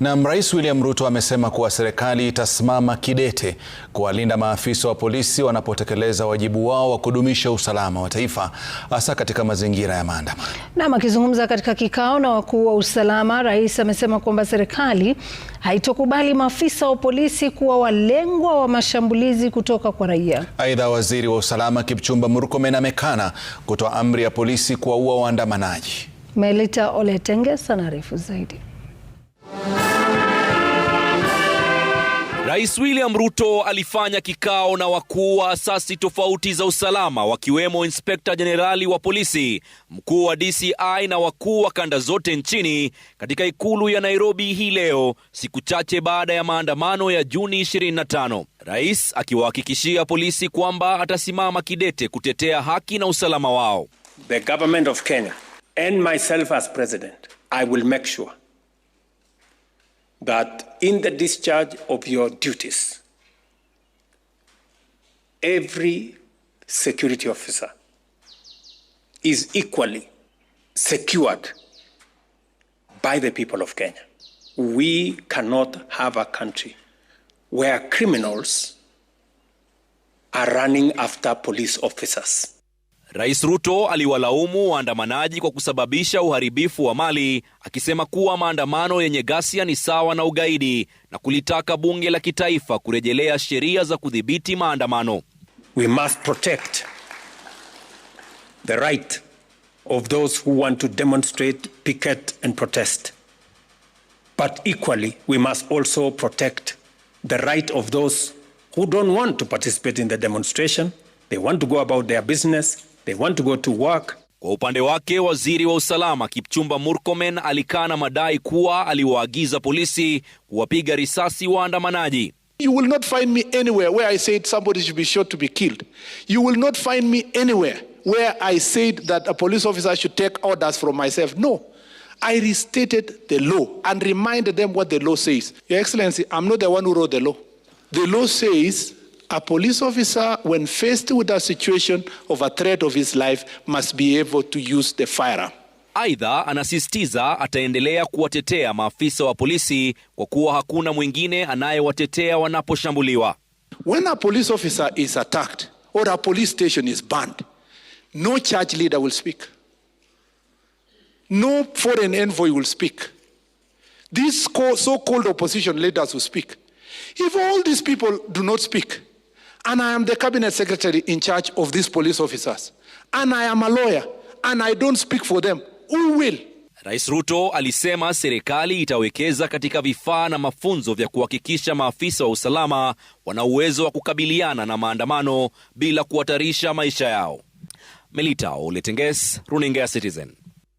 Na Rais William Ruto amesema kuwa serikali itasimama kidete kuwalinda maafisa wa polisi wanapotekeleza wajibu wao wa kudumisha usalama wa taifa hasa katika mazingira ya maandamano. nam akizungumza katika kikao na wakuu wa usalama, rais amesema kwamba serikali haitokubali maafisa wa polisi kuwa walengwa wa mashambulizi kutoka kwa raia. Aidha, waziri wa usalama Kipchumba Murkomen amekana kutoa amri ya polisi kuwaua waandamanaji. Melita Oletenge anaarifu zaidi. Rais William Ruto alifanya kikao na wakuu wa asasi tofauti za usalama wakiwemo inspekta jenerali wa polisi, mkuu wa DCI na wakuu wa kanda zote nchini katika ikulu ya Nairobi hii leo, siku chache baada ya maandamano ya Juni 25. Rais akiwahakikishia polisi kwamba atasimama kidete kutetea haki na usalama wao. The government of Kenya and myself as president, I will make sure that in the discharge of your duties, every security officer is equally secured by the people of Kenya. We cannot have a country where criminals are running after police officers. Rais Ruto aliwalaumu waandamanaji kwa kusababisha uharibifu wa mali, akisema kuwa maandamano yenye ghasia ni sawa na ugaidi na kulitaka bunge la kitaifa kurejelea sheria za kudhibiti maandamano. We must protect the right of those who want to demonstrate, picket and protest. But equally, we must also protect the right of those who don't want to participate in the demonstration. They want to go about their business. They want to go to work. Kwa upande wake waziri wa usalama Kipchumba Murkomen alikana madai kuwa aliwaagiza polisi kuwapiga risasi waandamanaji. You will not find me anywhere where I said somebody should be shot to be killed. You will not find me anywhere where I said that a police officer should take orders from myself. No. I restated the law and reminded them what the law says. Your Excellency, I'm not the one who wrote the law. The law says A police officer, when faced with a situation of a threat of his life, must be able to use the firearm. Aidha, anasisitiza ataendelea kuwatetea maafisa wa polisi kwa kuwa hakuna mwingine anayewatetea wanaposhambuliwa. When a police officer is attacked or a police station is burned, no church leader will speak. No foreign envoy will speak. These so-called opposition leaders will speak. If all these people do not speak, and I am the cabinet secretary in charge of these police officers and I am a lawyer and I don't speak for them who will? Rais Ruto alisema serikali itawekeza katika vifaa na mafunzo vya kuhakikisha maafisa wa usalama wana uwezo wa kukabiliana na maandamano bila kuhatarisha maisha yao. Melita Oletenges, Runinga Citizen.